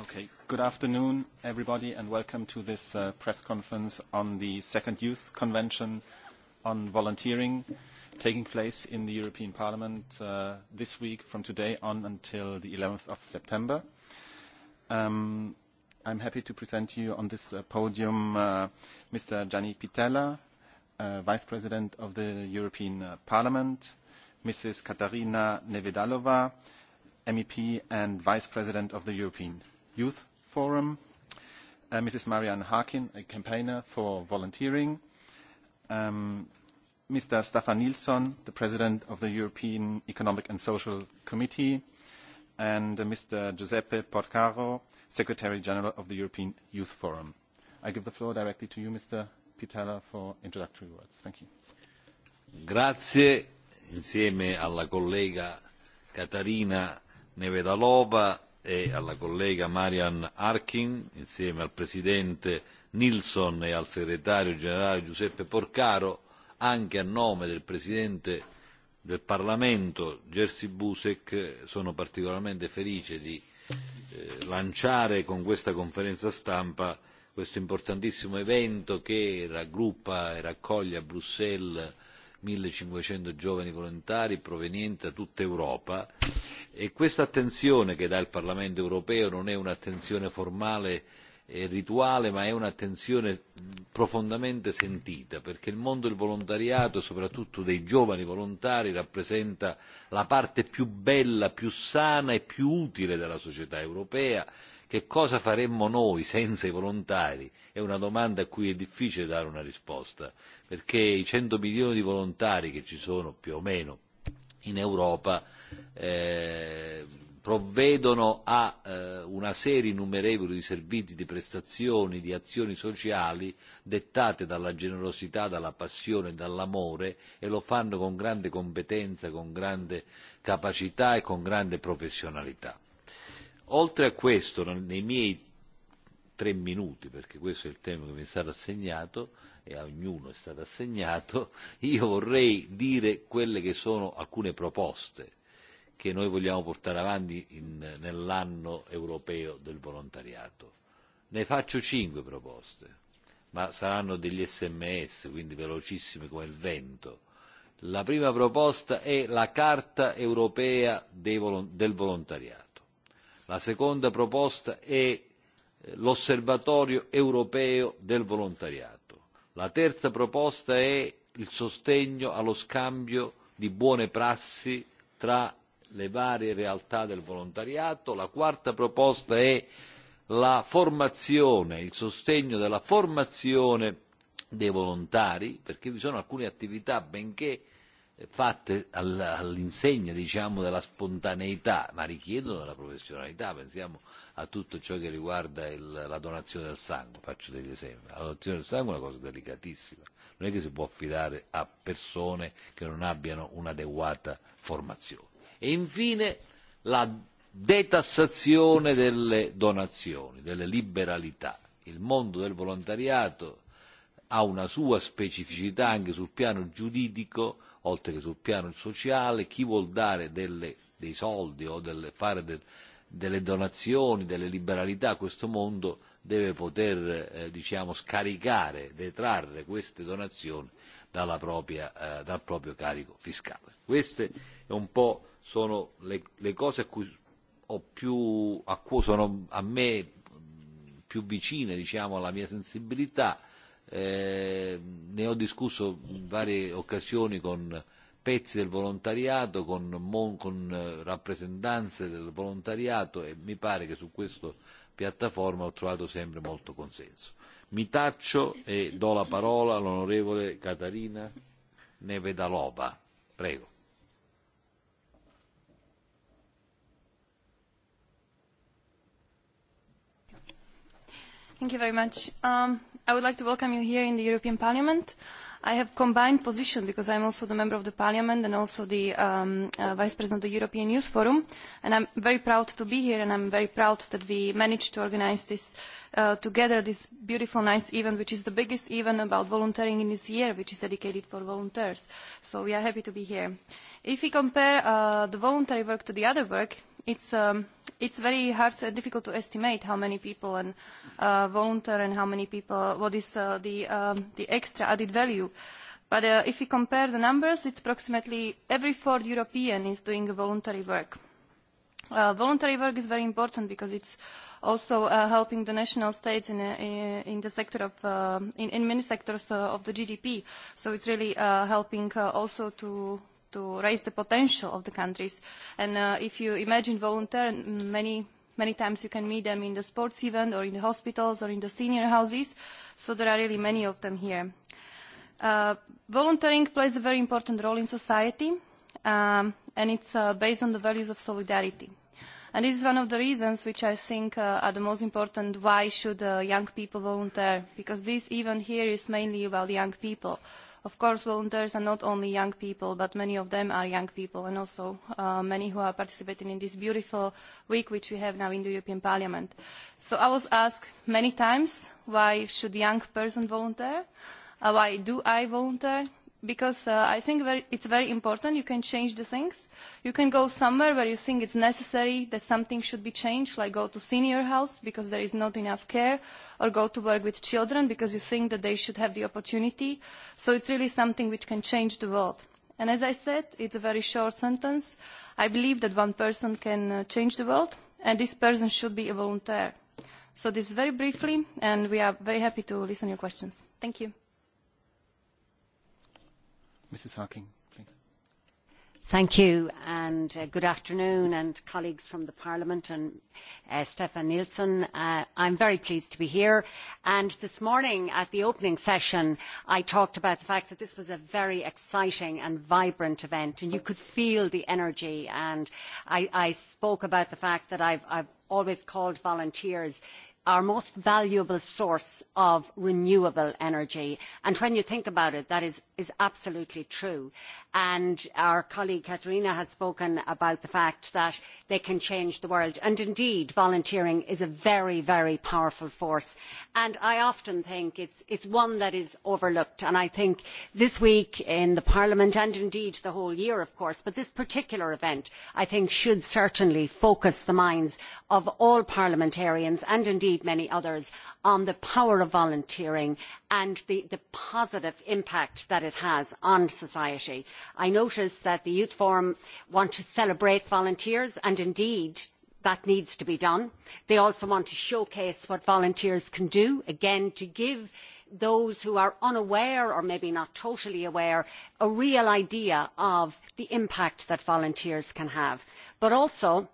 Okay. Good afternoon, everybody, and welcome to this press conference on the second Youth Convention on Volunteering taking place in the European Parliament this week from today on until the 11th of September. Um, I'm happy to present to you on this podium Mr. Gianni Pitella, Vice President of the European Parliament, Mrs. Katarina Nevedalova, MEP and Vice President of the European Youth Forum, uh, Mrs. Marianne Harkin, a campaigner for volunteering, um, Mr. Staffan Nilsson, the President of the European Economic and Social Committee, and Mr. Giuseppe Porcaro, Secretary General of the European Youth Forum. I give the floor directly to you, Mr. Pitella, for introductory words. Thank you. Grazie, insieme alla collega Katarina Nevedalova e alla collega Marian Harkin, insieme al Presidente Nilsson e al Segretario Generale Giuseppe Porcaro, anche a nome del Presidente del Parlamento Jerzy Busek, sono particolarmente felice di lanciare con questa conferenza stampa questo importantissimo evento che raggruppa e raccoglie a Bruxelles millecinquecento giovani volontari provenienti da tutta Europa E questa attenzione che dà il Parlamento europeo non è un'attenzione formale e rituale, ma è un'attenzione profondamente sentita, perché il mondo del volontariato, soprattutto dei giovani volontari, rappresenta la parte più bella, più sana e più utile della società europea. Che cosa faremmo noi senza i volontari? È una domanda a cui è difficile dare una risposta, perché i cento milioni di volontari che ci sono più o meno in Europa provvedono a una serie innumerevole di servizi, di prestazioni, di azioni sociali dettate dalla generosità, dalla passione e dall'amore e lo fanno con grande competenza, con grande capacità e con grande professionalità. Oltre a questo, nei miei tre minuti, perché questo è il tema che mi è stato assegnato, e a ognuno è stato assegnato, io vorrei dire quelle che sono alcune proposte che noi vogliamo portare avanti nell'anno europeo del volontariato. Ne faccio cinque proposte, ma saranno degli sms, quindi velocissimi come il vento. La prima proposta è la Carta europea del volontariato. La seconda proposta è l'Osservatorio europeo del volontariato. La terza proposta è il sostegno allo scambio di buone prassi tra le varie realtà del volontariato. La quarta proposta è la formazione, il sostegno della formazione dei volontari, perché vi sono alcune attività, benché fatte all'insegna diciamo, della spontaneità, ma richiedono della professionalità. Pensiamo a tutto ciò che riguarda il, la donazione del sangue, faccio degli esempi. La donazione del sangue è una cosa delicatissima, non è che si può affidare a persone che non abbiano un'adeguata formazione. E infine la detassazione delle donazioni, delle liberalità. Il mondo del volontariato ha una sua specificità anche sul piano giuridico, oltre che sul piano sociale. Chi vuol dare delle, dei soldi o delle, fare del, delle donazioni, delle liberalità a questo mondo deve poter eh, diciamo, scaricare, detrarre queste donazioni dalla propria, eh, dal proprio carico fiscale. Questo è un po' sono le, cose a cui ho più, a cui sono a me più vicine diciamo, alla mia sensibilità. Eh, ne ho discusso in varie occasioni con pezzi del volontariato, con, mon, con rappresentanze del volontariato e mi pare che su questa piattaforma ho trovato sempre molto consenso. Mi taccio e do la parola all'onorevole Catarina Nevedalova. Prego Thank you very much. Um, I would like to welcome you here in the European Parliament. I have combined position because I am also the member of the Parliament and also the Vice President of the European Youth Forum. And I'm very proud to be here and I'm very proud that we managed to organise this together, this beautiful, nice event, which is the biggest event about volunteering in this year, which is dedicated for volunteers. So we are happy to be here. If we compare the voluntary work to the other work, it's um, it's very hard and difficult to estimate how many people and uh, volunteer and how many people what is uh, the um, the extra added value. But uh, if you compare the numbers, it's approximately every fourth European is doing voluntary work. Uh, voluntary work is very important because it's also uh, helping the national states in, in in the sector of, uh, in, in many sectors uh, of the GDP. So it's really uh, helping uh, also to to raise the potential of the countries. And uh, if you imagine volunteer, many many times you can meet them in the sports event or in the hospitals or in the senior houses. So there are really many of them here. Uh, volunteering plays a very important role in society, um, and it's uh, based on the values of solidarity. And this is one of the reasons which I think uh, are the most important why should uh, young people volunteer, because this even here is mainly about young people Of course, volunteers are not only young people, but many of them are young people and also uh, many who are participating in this beautiful week which we have now in the European Parliament. So I was asked many times, why should young person volunteer? Uh, why do I volunteer? because uh, I think very, it's very important. You can change the things. You can go somewhere where you think it's necessary that something should be changed, like go to senior house because there is not enough care, or go to work with children because you think that they should have the opportunity. So it's really something which can change the world. And as I said, it's a very short sentence. I believe that one person can uh, change the world, and this person should be a volunteer. So this is very briefly, and we are very happy to listen to your questions. Thank you. Mrs. Hawking, please. Thank you, and uh, good afternoon, and colleagues from the Parliament and uh, Stefan Nielsen. Uh, I'm very pleased to be here. And this morning at the opening session, I talked about the fact that this was a very exciting and vibrant event, and you could feel the energy. And I, I spoke about the fact that I've, I've always called volunteers our most valuable source of renewable energy. And when you think about it, that is is absolutely true. And our colleague Katharina has spoken about the fact that they can change the world. And indeed, volunteering is a very, very powerful force. And I often think it is one that is overlooked. And I think this week in Parliament, and indeed the whole year, of course, but this particular event, I think, should certainly focus the minds of all parliamentarians and indeed many others on the power of volunteering and the, positive impact that it has on society. I notice that the Youth Forum want to celebrate volunteers and indeed that needs to be done. They also want to showcase what volunteers can do, again to give those who are unaware or maybe not totally aware a real idea of the impact that volunteers can have. But also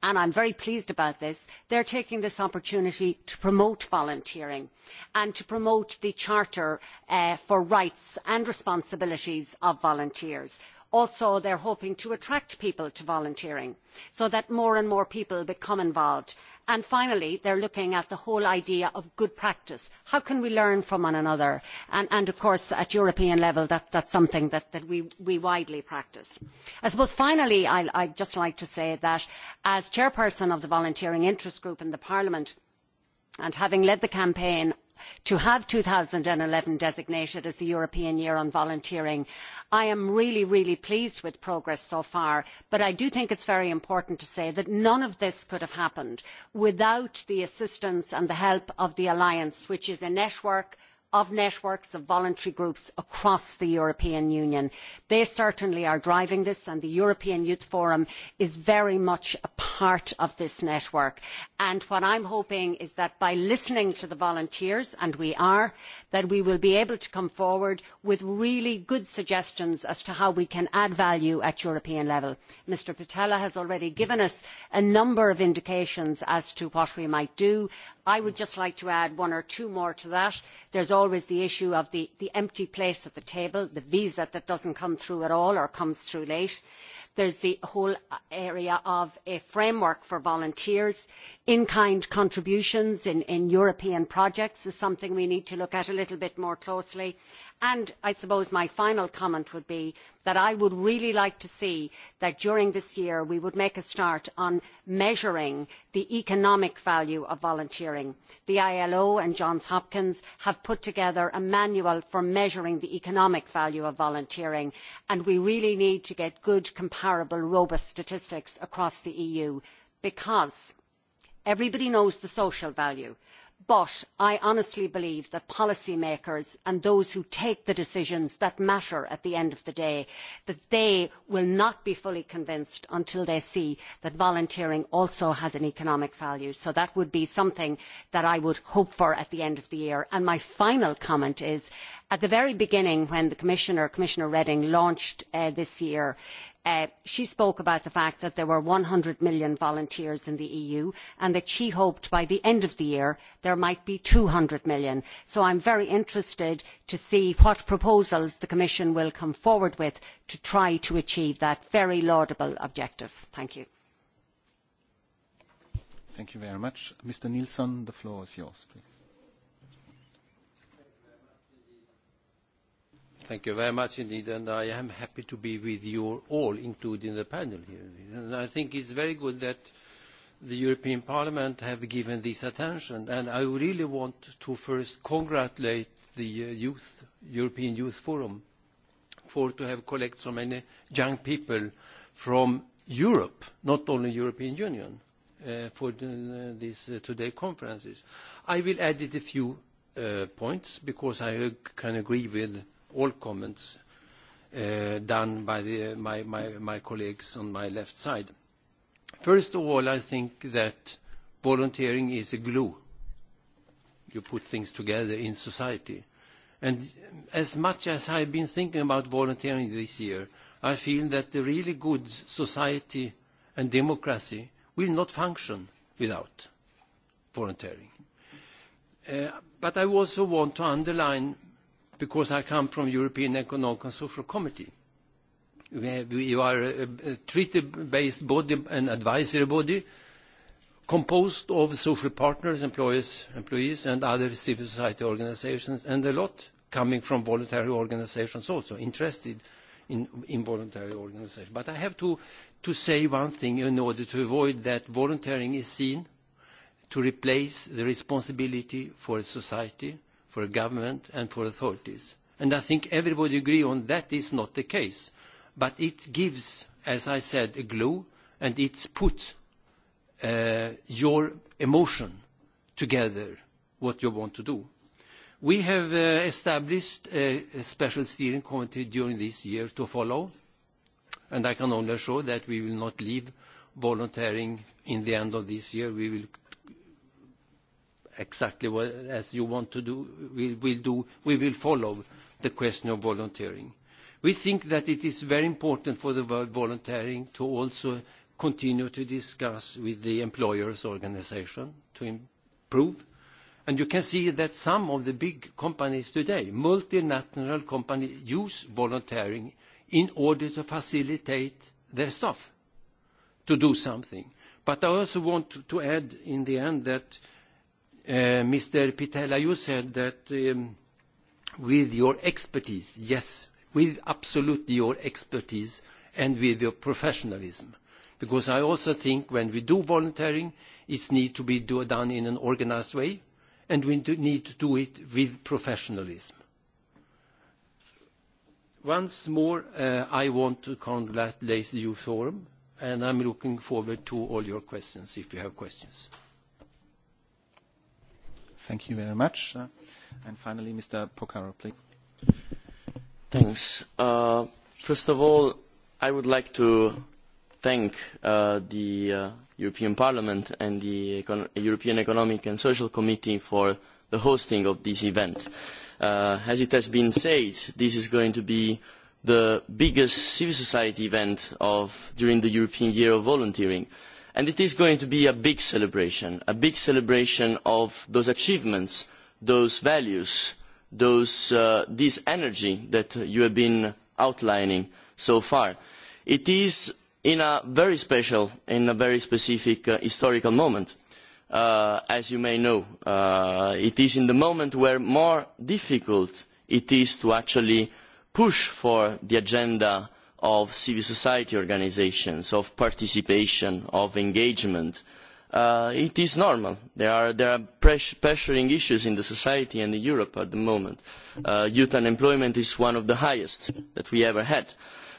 and i am very pleased about this they are taking this opportunity to promote volunteering and to promote the charter for rights and responsibilities of volunteers also they are hoping to attract people to volunteering so that more and more people become involved and finally they are looking at the whole idea of good practice how can we learn from one another and of course at european level that is something that we widely practice. i suppose finally i would just like to say that as chairperson of the volunteering interest group in parliament and having led the campaign to have two thousand and eleven designated as the european year on volunteering i am really pleased with progress so far but i do think it is very important to say that none of this could have happened without the assistance and the help of the alliance which is a network of networks of voluntary groups across the European Union. They certainly are driving this and the European Youth Forum is very much a part of this network. what I am hoping is that by listening to the volunteers, and we are, that we will be able to come forward with really good suggestions as to how we can add value at European level. Mr Pittella has already given us a number of indications as to what we might do. I would just like to add one or two more to that. There always the issue of the empty place at the table the visa that does not come through at all or comes through late. There is the whole area of a framework for volunteers. In-kind contributions in, European projects is something we need to look at a little bit more closely. And I suppose my final comment would be that I would really like to see that during this year we would make a start on measuring the economic value of volunteering. The ILO and Johns Hopkins have put together a manual for measuring the economic value of volunteering and we really need to get good comparative comparable robust statistics across the eu because everybody knows the social value but i honestly believe that policy makers and those who take the decisions that matter at the end of the day will not be fully convinced until they see that volunteering also has an economic value so that would be something that i would hope for at the end of the year. my final comment is that at the very beginning when the commissioner commissioner reding launched this year she spoke about the fact that there were one hundred million volunteers in the eu and that she hoped by the end of the year there might be two hundred million. so i am very interested to see what proposals the commission will come forward with to try to achieve that very laudable objective. thank you. Thank you very much indeed, and I am happy to be with you all, including the panel here. And I think it's very good that the European Parliament have given this attention, and I really want to first congratulate the youth, European Youth Forum for to have collected so many young people from Europe, not only European Union, uh for the these today conferences. I will add a few uh points because I can agree with all comments done by my colleagues on my left side. First of all, I think that volunteering is a glue. You put things together in society. And As much as I've been thinking about volunteering this year, I feel that the really good society and democracy will not function without volunteering. But I also want to underline because I come from European Economic and Social Committee. We have we are a treaty-based body, an advisory body, composed of social partners, employers, employees, and other civil society organisations, and a lot coming from voluntary organisations also, interested in in voluntary organisations. But I have to, to say one thing in order to avoid that volunteering is seen to replace the responsibility for society for government and for authorities. And I think everybody agree on that is not the case. But it gives, as I said, a glue, and it's put your emotion together, what you want to do. We have established a special steering committee during this year to follow, and I can only assure that we will not leave volunteering in the end of this year. We will exactly what, as you want to do, we will do, we will follow the question of volunteering. We think that it is very important for the word volunteering to also continue to discuss with the employers' organisation to improve. And you can see that some of the big companies today, multinational companies, use volunteering in order to facilitate their staff to do something. But I also want to add in the end that Mr. Pittella, you said that with your expertise, yes, with absolutely your expertise and with your professionalism. Because I also think when we do volunteering, it needs to be done in an organised way, and we need to do it with professionalism. Once more, I want to congratulate you, Forum, and I'm looking forward to all your questions, if you have questions. Thank you very much. Uh, and finally, Mr. Pocaro, please. Thanks. Uh, first of all, I would like to thank uh, the uh, European Parliament and the Econ European Economic and Social Committee for the hosting of this event. Uh, as it has been said, this is going to be the biggest civil society event of, during the European Year of Volunteering. Uh, and it is going to be a big celebration, a big celebration of those achievements, those values, this energy that you have been outlining so far. It is in a very special, in a very specific historical moment. as you may know, it is in the moment where more difficult it is to actually push for the agenda of civil society organisations, of participation, of engagement. it is normal. There are, pressuring issues in society and in Europe at the moment. youth unemployment is one of the highest that we ever had.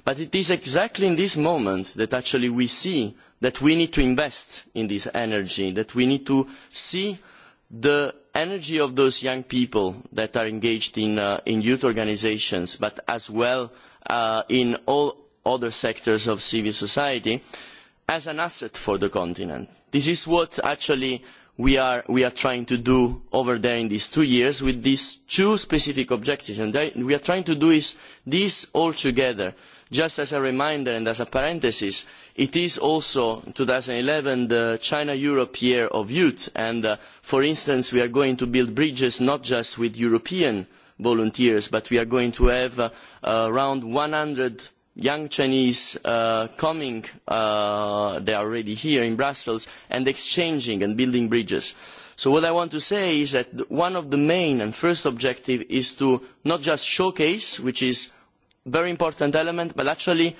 But it is exactly in this moment that actually we see that we need to invest in this energy, that we need to see the energy of those young people that are engaged in, youth organisations, but as well uh, in all other sectors of civil society as an asset for the continent. This is what actually we are, trying to do over there in these two years with these two specific objectives. And we are trying to do this all together. Just as a reminder and as a parenthesis, it is also eleven the China-Europe year of youth. And for instance, we are going to build bridges not just with European volunteers, but we are going to have around one hundred young Chinese coming, they are already here in Brussels, and exchanging and building bridges. So what I want to say is that one of the main and first objectives is to not just showcase, which is a very important element, but actually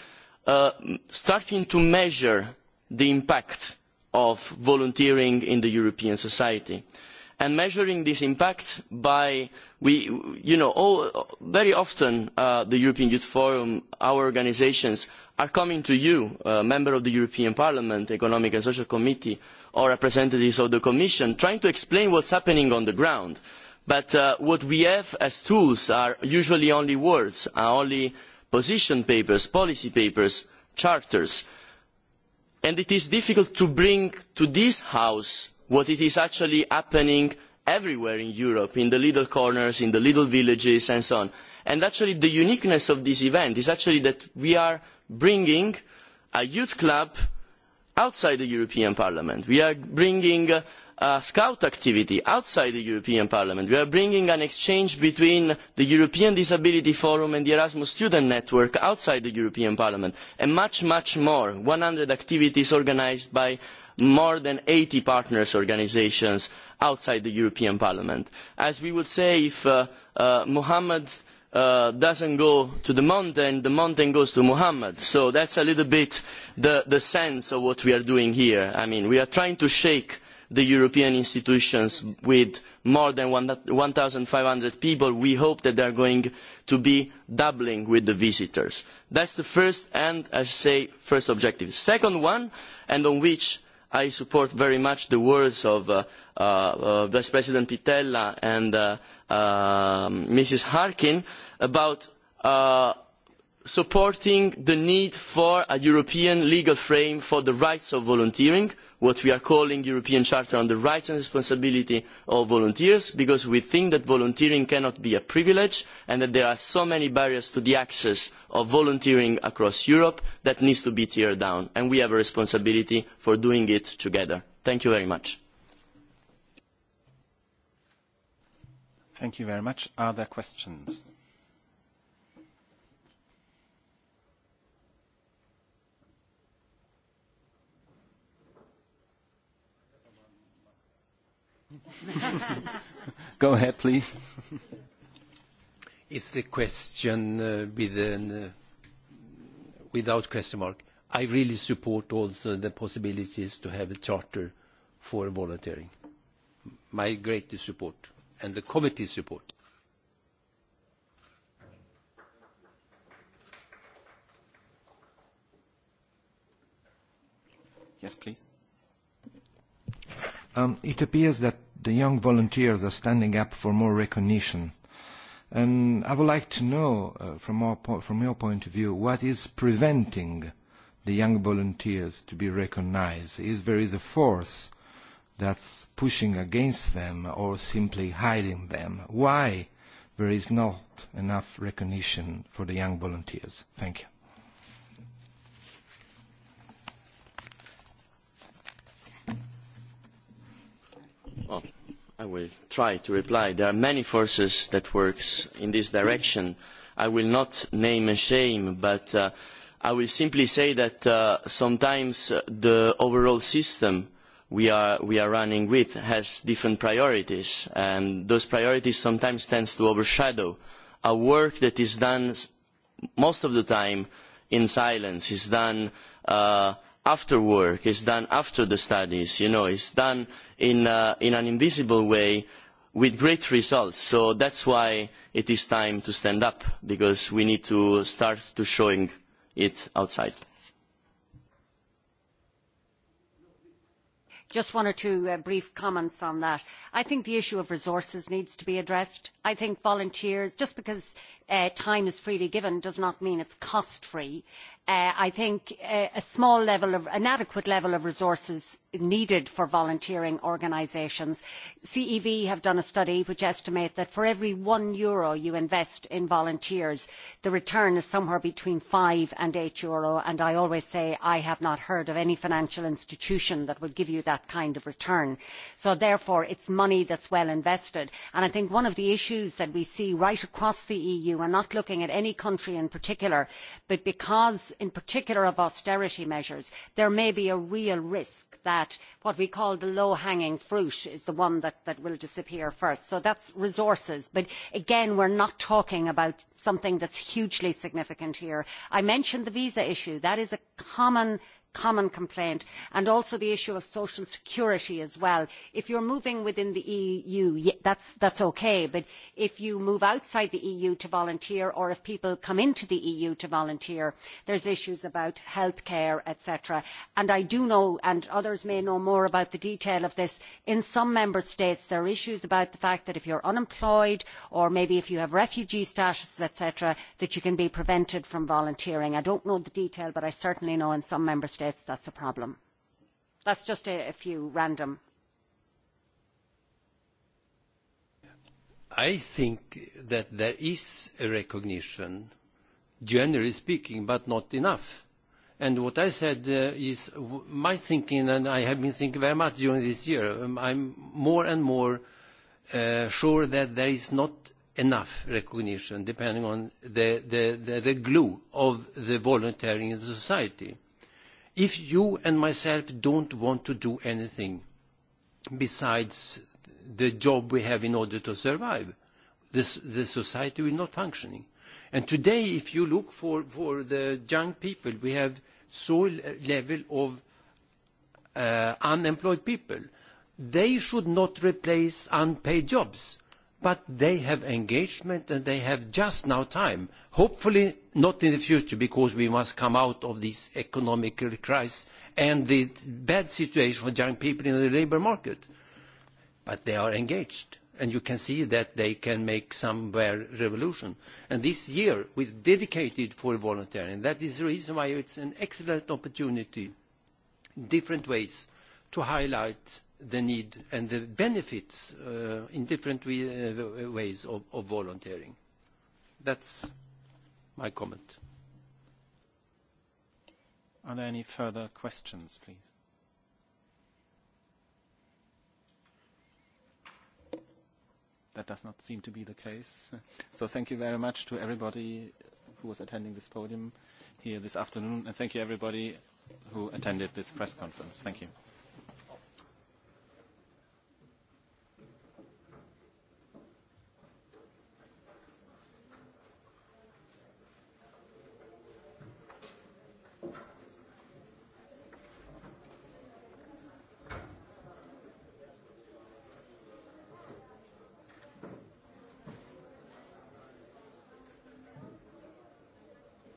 starting to measure the impact of volunteering in the European society. Uh, and measuring this impact by we you know all, very often the European Youth Forum our organisations are coming to you a member of the European Parliament economic and social committee or representatives of the commission trying to explain what is happening on the ground but what we have as tools are usually only words only position papers policy papers charters and it is difficult to bring to this house what is actually happening everywhere in Europe, in the little corners, in the little villages, and so on. actually, the uniqueness of this event is actually that we are bringing a youth club outside the European Parliament. We are bringing a scout activity outside the European Parliament. We are bringing an exchange between the European Disability Forum and the Erasmus Student Network outside the European Parliament, and much, much more. one hundred activities organised by more than eighty partners organisations outside the European Parliament. As we would say, if Mohammed does not go to the mountain, the mountain goes to Mohammed. So that is a little bit the, sense of what we are doing here. I mean, we are trying to shake the European institutions with more than one five hundred people. We hope that they are going to be doubling with the visitors. That is the first and, as I say, first objective. The Second one, and on which I support very much the words of Vice President Pittella and Mrs. Harkin about supporting the need for a European legal frame for the rights of volunteering, what we are calling the European Charter on the Rights and Responsibility of Volunteers, because we think that volunteering cannot be a privilege and that there are so many barriers to the access of volunteering across Europe that needs to be teared down, and we have a responsibility for doing it together. Thank you very much. Thank you very much. Are there questions? Go ahead, please. It's a question uh, with an, uh, without question mark. I really support also the possibilities to have a charter for volunteering. My greatest support and the committee's support. Yes, please. Um, it appears that the young volunteers are standing up for more recognition. And I would like to know, uh, from, our po- from your point of view, what is preventing the young volunteers to be recognized? Is there is a force that's pushing against them or simply hiding them? Why there is not enough recognition for the young volunteers? Thank you. I will try to reply. There are many forces that work in this direction. I will not name and shame, but I will simply say that sometimes the overall system we are, running with has different priorities, and those priorities sometimes tend to overshadow a work that is done most of the time in silence, is done after work, is done after the studies, you know, is done in, in an invisible way with great results. So that's why it is time to stand up, because we need to start to showing it outside. just one or two brief comments on that. I think the issue of resources needs to be addressed. I think volunteers, just because time is freely given does not mean it is cost free. I think a small level of, an adequate level of resources needed for volunteering organisations. CEV have done a study which estimates that for every one euro you invest in volunteers, the return is somewhere between five and eight euro. And I always say I have not heard of any financial institution that would give you that kind of return. So therefore, it is money that is well invested. And I think one of the issues that we see right across the EU, and not looking at any country in particular, but because in particular of austerity measures there may be a real risk that what we call the low hanging fruit is the one that will disappear first so that is resources but again we are not talking about something that is hugely significant here. i mentioned the visa issue that is a common common complaint and also the issue of social security as well. If you are moving within the EU, that's, that's okay, but if you move outside the EU to volunteer or if people come into the EU to volunteer, there are issues about healthcare, etc. And I do know, and others may know more about the detail of this, in some member states there are issues about the fact that if you are unemployed or maybe if you have refugee status, etc., that you can be prevented from volunteering. I don't know the detail, but I certainly know in some member states states that is a problem. That is just a, few random. I think that there is a recognition, generally speaking, but not enough. And what I said is w my thinking, and I have been thinking very much during this year. um, i'm more and more sure that there is not enough recognition, depending on the, the, the, the glue of the volunteering in the society if you and myself don't want to do anything besides the job we have in order to survive, this, the society will not function. And today, if you look for, for the young people, we have so level of uh, unemployed people. They should not replace unpaid jobs but they have engagement and they have just now time. Hopefully not in the future because we must come out of this economic crisis and the bad situation for young people in the labour market. But they are engaged and you can see that they can make somewhere revolution. And this year we dedicated for volunteering. That is the reason why it's an excellent opportunity, different ways to highlight the need and the benefits uh, in different we, uh, ways of, of volunteering. That's my comment. Are there any further questions, please? That does not seem to be the case. So thank you very much to everybody who was attending this podium here this afternoon, and thank you everybody who attended this press conference. Thank you.